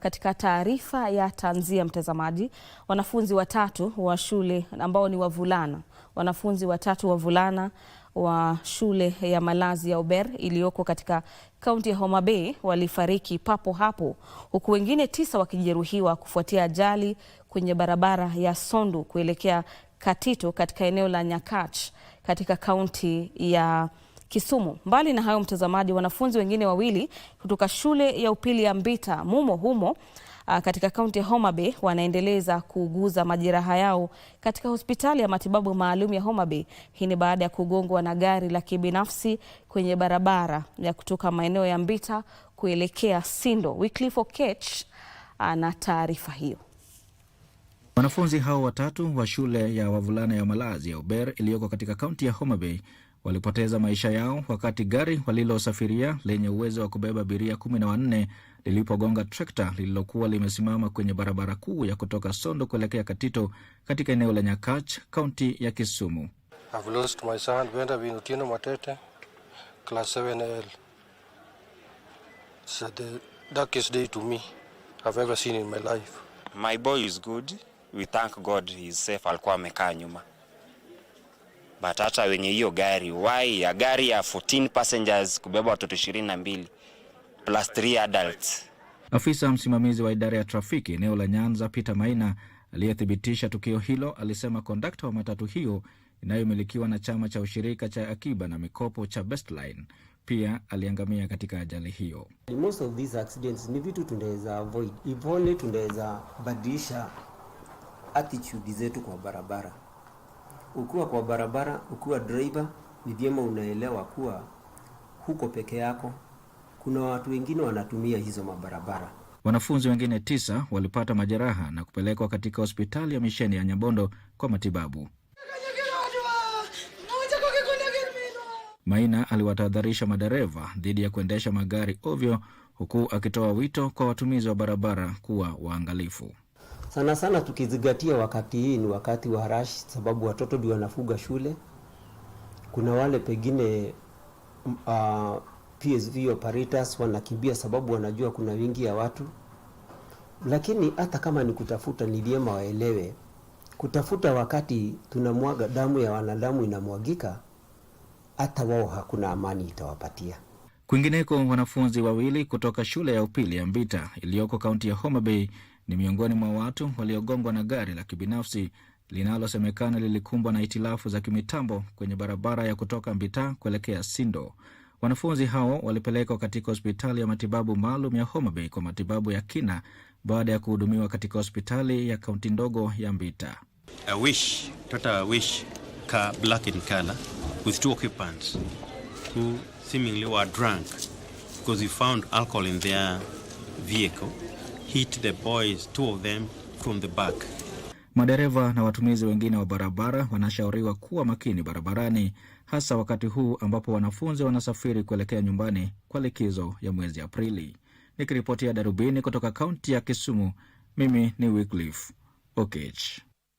Katika taarifa ya tanzia mtazamaji, wanafunzi watatu wa shule ambao ni wavulana, wanafunzi watatu wavulana wa shule ya malazi ya Ober iliyoko katika kaunti ya Homa Bay walifariki papo hapo, huku wengine tisa wakijeruhiwa kufuatia ajali kwenye barabara ya Sondu kuelekea Katito katika eneo la Nyakach katika kaunti ya Kisumu. Mbali na hayo, mtazamaji, wanafunzi wengine wawili kutoka shule ya upili ya Mbita Mumo humo ah, katika kaunti ya Homa Bay wanaendeleza kuuguza majeraha yao katika hospitali ya matibabu maalum ya Homa Bay. Hii ni baada ya kugongwa na gari la kibinafsi kwenye barabara ya kutoka maeneo ya Mbita kuelekea Sindo. Wycliffe Oketch ana taarifa hiyo. Wanafunzi hao watatu wa shule ya wavulana ya malazi ya Ober iliyoko katika kaunti ya Homa Bay walipoteza maisha yao wakati gari walilosafiria lenye uwezo wa kubeba abiria kumi na wanne lilipogonga trekta lililokuwa limesimama kwenye barabara kuu ya kutoka Sondo kuelekea Katito katika eneo la Nyakach, kaunti ya Kisumu. I've lost my son, Benda Binutino Matete, class 7L. It's the darkest day to me I've ever seen in my life. My boy is good. We thank God he's safe, alikuwa amekaa nyuma but hata wenye hiyo gari why ya gari ya 14 passengers kubeba watoto 22 plus 3 adults. Afisa msimamizi wa idara ya trafiki eneo la Nyanza Peter Maina aliyethibitisha tukio hilo alisema kondakta wa matatu hiyo inayomilikiwa na chama cha ushirika cha akiba na mikopo cha Bestline pia aliangamia katika ajali hiyo. Most of these accidents ni vitu tunaweza avoid if only tunaweza badilisha attitude zetu kwa barabara. Ukiwa kwa barabara, ukiwa driver, ni vyema unaelewa kuwa huko peke yako, kuna watu wengine wanatumia hizo mabarabara. Wanafunzi wengine tisa walipata majeraha na kupelekwa katika hospitali ya misheni ya Nyabondo kwa matibabu. Maina aliwatahadharisha madereva dhidi ya kuendesha magari ovyo, huku akitoa wito kwa watumizi wa barabara kuwa waangalifu. Sana sana tukizingatia wakati hii ni wakati wa rush, sababu watoto ndio wanafuga shule. Kuna wale pengine uh, mm, ah, PSV operators wanakimbia sababu wanajua kuna wingi ya watu, lakini hata kama ni kutafuta, ni vyema waelewe kutafuta. Wakati tunamwaga damu ya wanadamu inamwagika, hata wao hakuna amani itawapatia. Kwingineko, wanafunzi wawili kutoka shule ya upili ya Mbita iliyoko kaunti ya Homa Bay ni miongoni mwa watu waliogongwa na gari la kibinafsi linalosemekana lilikumbwa na itilafu za kimitambo kwenye barabara ya kutoka Mbitaa kuelekea Sindo. Wanafunzi hao walipelekwa katika hospitali ya matibabu maalum ya Homa Bay kwa matibabu ya kina baada ya kuhudumiwa katika hospitali ya kaunti ndogo ya vehicle hit the boys, two of them from the back. Madereva na watumizi wengine wa barabara wanashauriwa kuwa makini barabarani, hasa wakati huu ambapo wanafunzi wanasafiri kuelekea nyumbani kwa likizo ya mwezi Aprili. Nikiripotia Darubini kutoka kaunti ya Kisumu, mimi ni Wycliffe Okech.